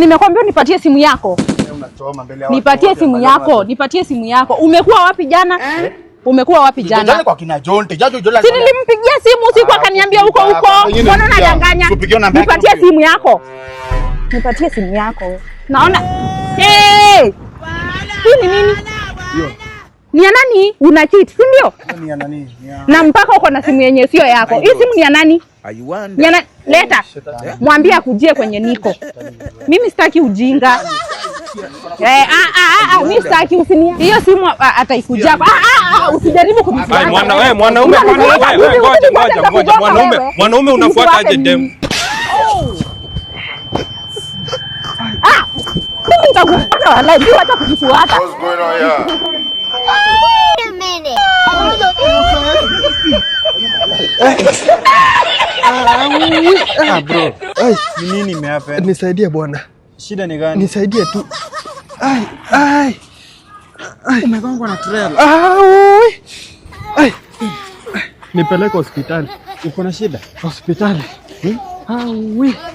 nimekwambia nipatie simu yako, nipatie simu yako, nipatie simu yako. Umekuwa wapi jana? Eh? Umekuwa wapi jana? Si nilimpigia simu usiku ah, akaniambia huko huko. Mbona unadanganya? Nipatie simu yako, nipatie simu yako. Naona hii ni nini? ni ya nani? Una cheat, si ndio? Ni nani? Na mpaka uko na simu yenye sio yako. Hii simu ni ya nani? Yana leta. Mwambie akujie kwenye niko. Mimi sitaki ujinga. Eh, ah ah, ah ah, mimi sitaki usinia. Hiyo simu ah, ataikuja hapo. Ah ah, usijaribu kumfuata. Mwana wewe, mwanaume, wewe ngoja ngoja ngoja, mwanaume, mwanaume unafuata aje demu? Oh. Ah! Mimi nitakufuata, wallahi, wacha kukufuata. Wait a minute. Nisaidie bwana. Shida ni gani? Nisaidie tu. Ai, ai. Ai, umegongwa na trailer. Ai. Ai. Nipeleke hospitali. Uko na shida? Hospitali. Hmm? Ai.